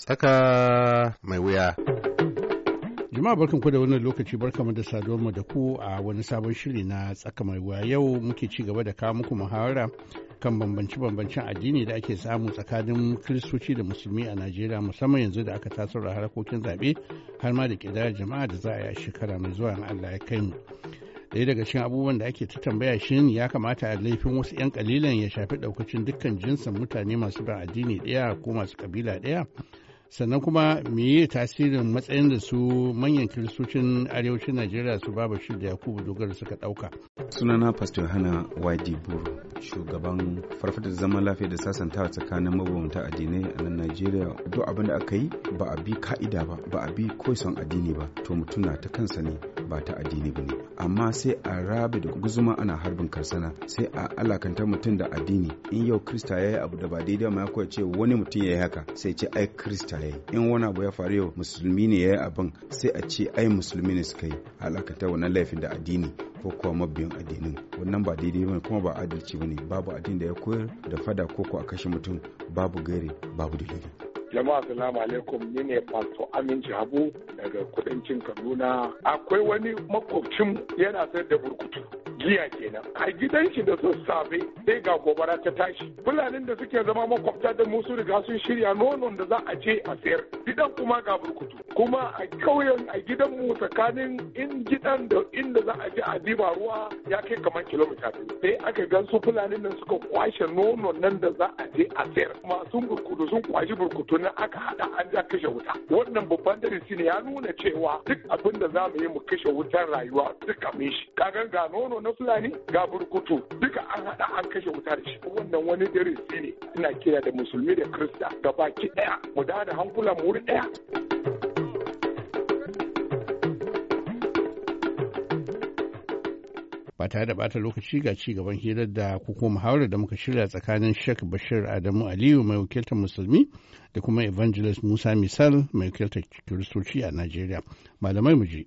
Tsaka mai wuya. Jama'a ku da wannan lokaci barkanmu da saduwar mu da ku a wani sabon shiri na tsaka mai wuya yau muke ci gaba da kawo muku muhawara kan bambance-bambancen addini da ake samu tsakanin kiristoci da musulmi a Najeriya musamman yanzu da aka tasar da harkokin zaɓe har ma da ƙidayar jama'a da za a yi a shekara mai zuwa in Allah ya kai mu. ɗaya daga cikin abubuwan da ake ta tambaya shin ya kamata a laifin wasu 'yan ƙalilan ya shafi ɗaukacin dukkan jinsin mutane masu bin addini ɗaya ko masu ƙabila ɗaya sannan kuma meye tasirin matsayin da su manyan kiristocin arewacin najeriya su baba shi da yakubu dogara suka dauka sunana pastor hana wadi buru shugaban farfadar zaman lafiya da sasantawa tsakanin mabambanta addinai a nan najeriya duk abin da aka yi ba a bi ka'ida ba ba a bi koison addini ba to mutum na ta kansa ne ba ta addini ba ne amma sai a rabe da guzuma ana harbin karsana sai a alakanta mutum da addini in yau krista ya yi abu da ba daidai ma ya ce wani mutum ya yi haka sai ce ai krista ya yi in wani abu ya faru yau musulmi ne ya yi abin sai a ce ai musulmi ne suka yi alakanta wannan laifin da addini ko kuwa mabiyan addinin wannan ba daidai ba kuma ba adalci ba ne babu addini da ya koyar da fada ko ko a kashe mutum babu gairi babu dalili Jama'a salamu alaikum ni ne Pastor Aminci Habu daga kudancin Kaduna. Akwai wani makwabcin yana sayar da burkutu. Giya kenan a gidan shi da sassafe sai ga gobara ta tashi fulanin da suke zama makwabta da musu riga sun shirya nonon da za a je a sayar gidan kuma ga burkutu kuma a kauyen a gidan mu tsakanin in gidan da inda za a je a diba ruwa ya kai kamar kilomita biyu sai aka gan su fulanin nan suka kwashe nonon nan da za a je a sayar masu burkutu sun kwashi burkutu na aka hada an ja kashe wuta wannan babban darasi ne ya nuna cewa duk abin da za mu yi mu kashe wutar rayuwa duk kamin shi kagan ga nono na Fulani ga burkutu duka an haɗa an kashe wuta da shi wannan wani dare ne ina kira da musulmi da kirista gaba ki ɗaya mu da hankula mu wuri ɗaya. ba tare da bata lokaci ga ci gaban hirar da kuko muhawarar da muka shirya tsakanin Sheikh Bashir Adamu Aliyu mai wakiltar musulmi da kuma Evangelist Musa Misal mai wakiltar Kiristoci a Najeriya. Malamai mu je.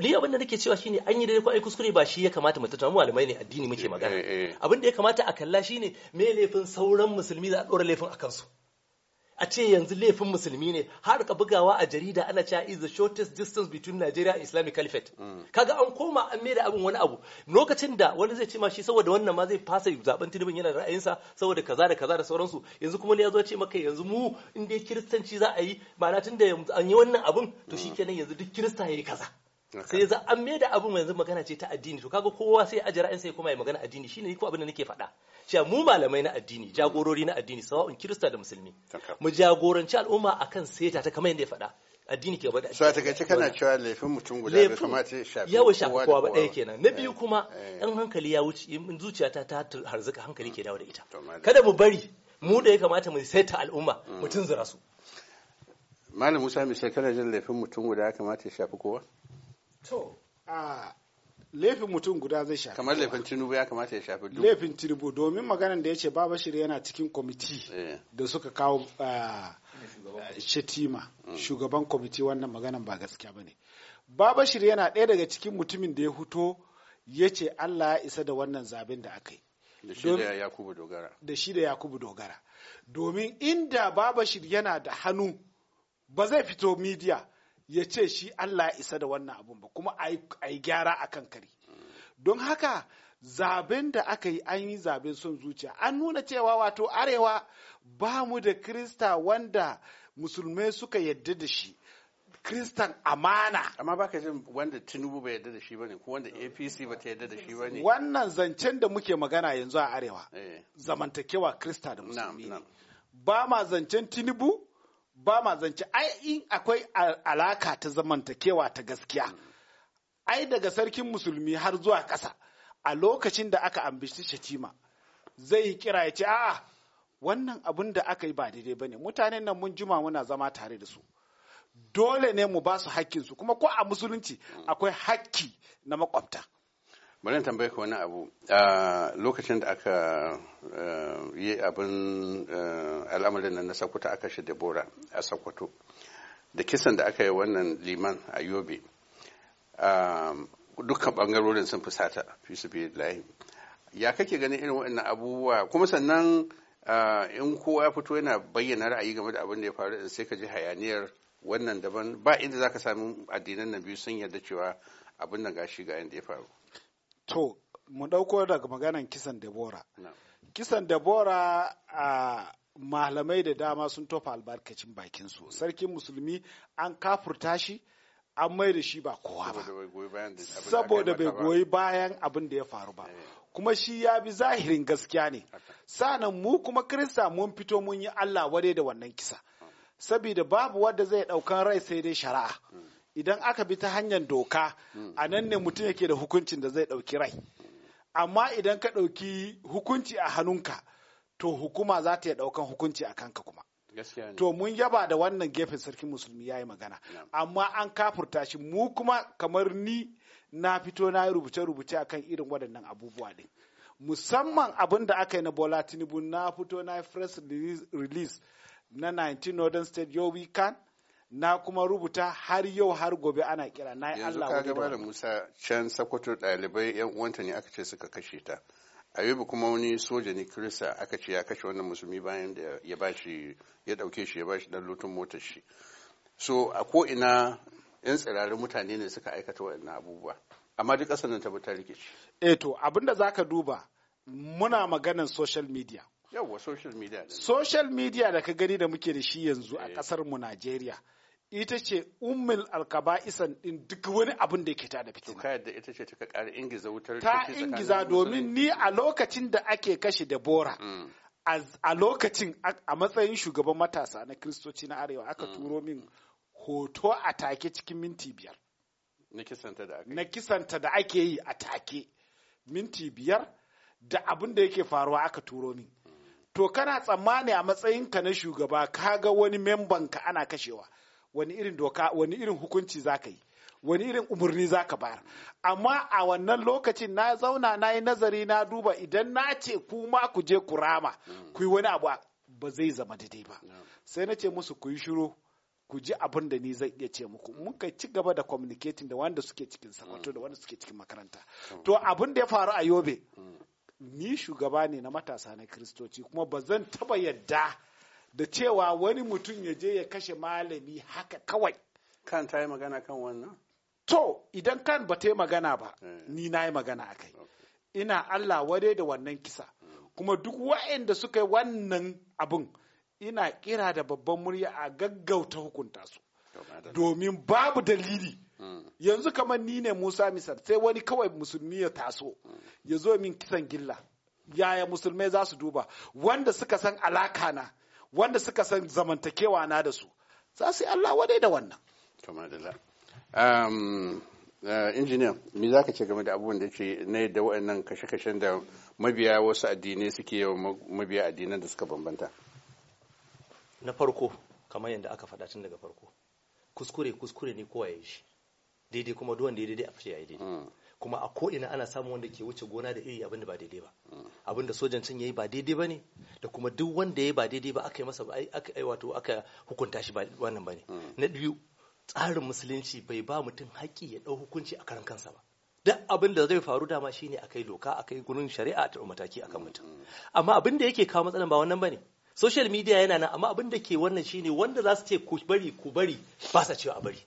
Ni abin da nake cewa shine an yi daidai ko ai kuskure ba shi ya kamata mu tattauna malamai ne addini muke magana. Eh, eh, eh. Abin da ya kamata a kalla shine me laifin sauran musulmi za a ɗora laifin a kansu. a ce yanzu laifin musulmi ne har ka bugawa a jarida ana cewa is the shortest distance between Nigeria and Islamic Caliphate mm. kaga an koma an da abin wani abu lokacin da wani zai ce ma shi saboda wannan ma zai fasa zaben tunubin yana da ra'ayinsa saboda kaza da kaza da sauransu yanzu kuma ne ya zo ce maka yanzu mu in dai kiristanci za a yi ma'ana tun da an yi wannan abun to mm. shi shikenan yanzu duk kirista yayi kaza sai za an mai da abin yanzu magana ce ta addini to kaga kowa sai ajira in sai kuma ya magana addini shine ni ko abin da nake faɗa cewa mu malamai na addini jagorori na addini sawa'un kirista da musulmi mu jagoranci al'umma akan seta ta kamar yadda ya faɗa addini ke bada so a takaice kana cewa laifin mutum guda bai kamata ya shafi yawa shafi kowa ba ɗaya kenan na biyu eh, kuma ɗan eh. hankali ya wuce in zuciyata ta harzuka hankali ke dawo da ita kada mu bari mu da ya kamata mu saita al'umma mm. mu zira su malam musa mai kana jin laifin mutum guda ya kamata ya shafi kowa to a laifin mutum guda zai shafi kamar laifin tinubu ya kamata ya shafi duk laifin tinubu domin maganan da ya ce baba shirya yana cikin kwamiti eh. da suka kawo shetima mm. shugaban kwamiti wannan maganan ba gaskiya ba ne baba shirya yana ɗaya daga cikin mutumin da ya huto ya ce allah ya isa da wannan zaben da aka yi da shi da yakubu dogara da shi da yakubu dogara domin inda baba shirya yana da hannu ba zai fito midiya ya ce shi Allah ya isa da wannan abun ba kuma a yi gyara a kan kari don haka zaben da aka yi an yi zaben son zuciya an nuna cewa wato arewa ba mu da krista wanda musulmai suka yadda da shi kristan amana amma ba ka jin wanda tinubu bai yadda da shi ba ne, ko wanda apc ba ta yadda da shi ba ne. wannan zancen da muke magana yanzu a arewa eh. zamantakewa krista da musulmi ba ma zancen tinubu ba ma zance ai in akwai alaka ta zamantakewa ta gaskiya ai daga sarkin musulmi har zuwa ƙasa a lokacin da aka ambishi shatima zai kira ya ce a'a wannan abin da aka yi ba daidai ne, mutanen nan mun juma muna zama tare da su dole ne mu ba su hakkinsu kuma ko a musulunci akwai hakki na makwabta bari tambaye ka wani abu a lokacin da aka eh, yi abin eh, al'amarin nan na sakuta aka shi debora a sakwato da kisan da aka yi wannan liman a yobe dukkan bangarorin sun fusata fi su layi ya kake ganin irin wannan abubuwa kuma sannan in kowa ya fito yana bayyana ra'ayi game da abin da ya faru sai ka ji hayaniyar wannan daban ba inda za ka sami addinan na biyu sun yarda cewa abin da gashi ga yadda ya faru To, mu ɗauko daga maganan kisan Debora. Kisan Debora a malamai da dama sun tofa albarkacin bakinsu. Mm. Sarkin musulmi an kafurta shi, an mai da shi ba kowa ba. Saboda bai goyi bayan abin da ya faru ba. Eh. Kuma shi ya bi zahirin gaskiya ne. Sanan mu kuma Kirista mun fito mun yi Allah ware da wannan kisa. Ah. Sabida babu wanda zai ɗaukan rai sai dai shari'a. Mm. idan aka bi ta hanyar doka hmm. a nan ne mutum yake da hukuncin da zai ɗauki rai amma idan ka ɗauki hukunci a hannunka to hukuma za ta iya ɗaukan hukunci a kanka kuma to mun yaba da wannan gefen sarkin musulmi ya yi magana amma an kafurta shi mu kuma kamar ni na fito na yi rubuce-rubuce akan irin waɗannan abubuwa ne. musamman abin da aka yi na bola tinubu na fito na yi press release na 19 northern state yau weekend na kuma rubuta har yau har gobe ana kira na yi Allah wani da Musa can Sokoto ɗalibai yan uwanta ne aka ce suka kashe ta Ayubu kuma wani soja ne Kirista aka ce ya kashe wannan musulmi bayan da ya bashi ya dauke shi ya bashi dan lutun motar shi so a ko ina yan tsirarin mutane ne suka aikata waɗannan abubuwa amma duk ƙasar nan ta bi ta rikici eh to za ka duba muna maganan social media yawwa social media social media da ka gani da muke da shi yanzu a kasar eh. mu Najeriya ita ce ummul alkaba'isan din duk wani abin da ke tada fitina ka yadda ita ce ta ƙara ingiza wutar ta ingiza domin ni a lokacin da ake kashe da bora mm. a lokacin a matsayin shugaban matasa na kristoci na arewa aka mm. turo min hoto a take cikin minti biyar na kisanta da ake yi a take minti biyar da abin da yake faruwa aka turo min to kana tsammani a matsayinka na shugaba ka ga wani membanka ana kashewa wani irin doka wani irin hukunci za ka yi wani irin umarni za ka bayar amma a wannan lokacin na zauna na yi nazari na duba idan na ce kuma ku je ku rama ku yi wani abu ba zai zama daidai ba sai na ce musu ku yi shiru ku ji abin da ni zai iya ce muku kai ci gaba da communicating da wanda suke cikin sakwato da wanda suke cikin makaranta mm. to abin da ya faru a yobe mm. ni shugaba ne na matasa na kristoci kuma ba zan taba yadda da cewa wani mutum ya je ya kashe malami haka kawai kan ta yi magana kan wannan to idan kan ba ta yi magana ba eh. ni na yi magana akai. ina allah ware da wannan kisa kuma duk wa'anda suka yi wannan abin ina kira da babban murya a gaggauta hukunta su domin babu dalili yanzu kamar ni ne musa misal sai wani kawai musulmi ya taso ya zo min kisan gilla yaya musulmai za su duba wanda suka san alaka na wanda suka san zamantakewa na da su za su yi allah wadai da wannan um, uh, injiniya me za ka ce game da abubuwan da ce na yadda waɗannan kashe-kashen da mabiya wasu addinai suke yawan mabiya addinan da suka bambanta na farko kamar yadda aka faɗa tun daga farko kuskure kuskure ne kowa ya shi daidai kuma duwan daidai a fashe yi daidai mm. kuma a ko ina ana samun wanda ke wuce gona da iri abin da ba daidai ba mm. abin da sojan can yayi ba daidai ba ne da kuma duk wanda yi ba daidai ba aka yi masa aka wato aka hukunta shi ba wannan mm. na biyu tsarin musulunci bai ba mutum haƙƙi ya ɗau hukunci a karan kansa ba duk abin da zai faru dama shine akai doka akai gurin shari'a ta mataki akan mutum amma abin yake kawo matsalan ba wannan ba ne social media yana nan amma abin da ke wannan shine wanda za su ce ku bari ku bari ba sa cewa a bari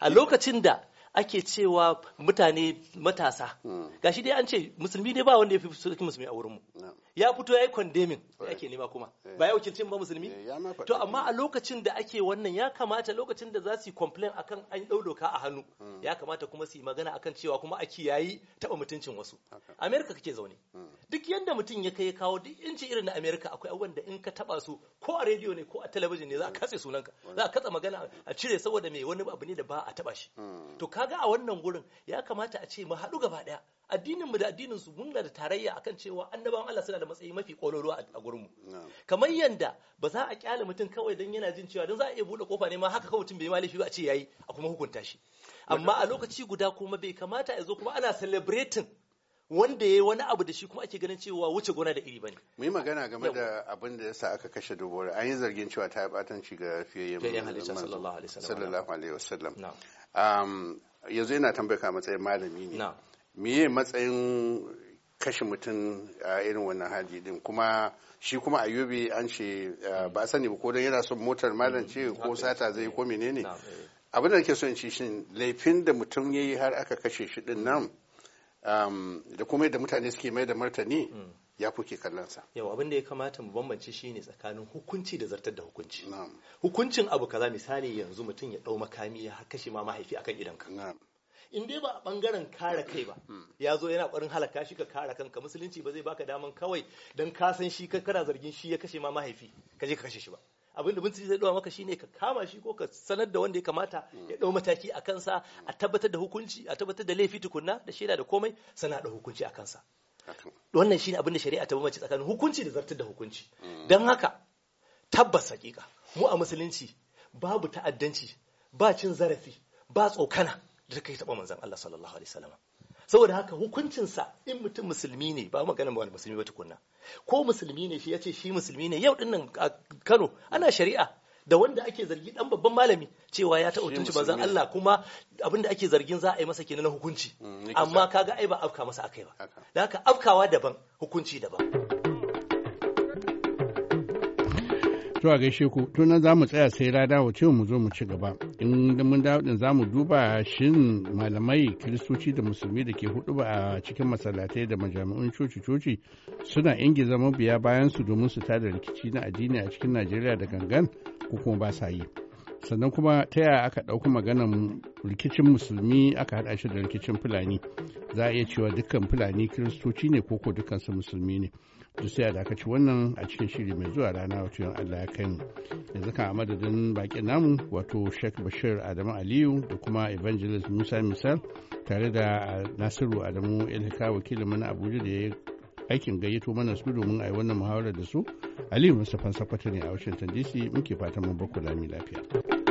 a lokacin da ake cewa mutane matasa hmm. gashi dai an ce musulmi ne ba wanda ya fi musulmi a wurinmu hmm. ya fito ya yi kwandemin da ake nema kuma eh. ba ya wakilcin ba musulmi eh, to amma a lokacin da ake wannan ya kamata lokacin da za su yi complain akan an ɗau doka a hannu hmm. ya kamata kuma su yi magana akan cewa kuma a kiyayi taɓa mutuncin wasu amerika kake zaune hmm. duk yadda mutum ya kai kawo duk inci irin na Amerika akwai abubuwan da in ka taɓa su ko a rediyo ne ko a talabijin ne za a hmm. katse sunanka za a katsa magana a cire saboda mai wani abu ne da ba a taɓa shi to kaga a wannan gurin ya kamata a ce mu haɗu gaba ɗaya addinin mu da addinin su mun da tarayya akan cewa annabawan Allah suna da matsayi mafi kololo a gurin mu kamar yanda ba za a kyale mutum kawai dan yana jin cewa dan za a iya bude kofa ne ma haka kawai mutum bai ma ba a ce yayi a kuma hukunta shi amma a lokaci guda kuma bai kamata ya zo kuma ana celebrating wanda ya wani abu da shi kuma ake ganin cewa wuce gona da iri bane. Mu yi magana game da abin da yasa aka kashe dubura. An yi zargin cewa ta yi batanci ga fiyayen sallallahu alaihi wasallam. Sallallahu alaihi wasallam. Yanzu yana tambaya ka matsayin malami ne. meye matsayin kashe mutum a irin wannan hali din kuma shi kuma ayyubi an ce eh, ba a sani ba ko don yana son motar malam ce ko sata zai ko menene eh. abin da nake so in ci shin laifin da mutum ya yi har aka kashe shi din nan da kuma yadda mutane suke mai da martani hmm. ya kuke kallonsa yau abin da ya kamata mu shi ne tsakanin hukunci da zartar da hukunci hukuncin abu kaza misali yanzu mutum ya dau makami ya kashe ma mahaifi akan idanka in dai ba a bangaren kare kai ba hmm. ya zo yana ƙwarin halaka shi ka kare kanka musulunci ba zai baka daman kawai don ka san shi kana zargin shi ya kashe ma mahaifi ka je ka kashe shi ba abin da bincike zai dawa maka shine ka kama shi ko ka sanar da wanda ya kamata hmm. ya dau mataki a kansa a hmm. tabbatar da hukunci a tabbatar da laifi tukunna da shaida da komai sana da hukunci a kansa wannan shine abin shari'a ta bambance tsakanin hukunci da zartar da hukunci dan haka tabbas hakika mu a musulunci babu ta'addanci ba cin zarafi ba tsokana da kai taɓa manzan Allah sallallahu alaihi wasallam saboda haka hukuncinsa in mutum musulmi ne ba magana ba wani musulmi ba tukunna ko musulmi ne shi ya ce shi musulmi ne yau dinnan a Kano ana shari'a da wanda ake zargi dan babban malami cewa ya taɓa mutunci manzon Allah kuma abinda ake zargin za a yi masa kenan hukunci mm, amma kaga ai ba afka masa akai ba da haka afkawa daban hukunci daban To a gaishe ku tunan za mu tsaya sai rada wace mu zo mu ci gaba. In mun dawo din za mu duba shin malamai kiristoci da musulmi da ke hudu a cikin masallatai da majami'un coci-coci suna zama biya bayan su domin su tada rikici na addini a cikin Najeriya da gangan ko kuma ba sa yi. sannan kuma ta yaya aka ɗauki maganan rikicin musulmi aka haɗa shi da rikicin fulani za a iya cewa dukkan fulani kiristoci ne ko ko dukkan su musulmi ne duk sai aka ci wannan a cikin shiri mai zuwa rana wato yan Allah ya kai mu yanzu kan a madadin bakin namu wato Sheikh Bashir Adamu Aliyu da kuma Evangelist Musa Misal tare da Nasiru Adamu Ilhika wakilin mana Abuja da ya aikin gayyato mana su domin a yi wannan muhawarar da su Aliyu Mustapha Sakwato ne a Washington DC muke fatan mun bakku lami lafiya.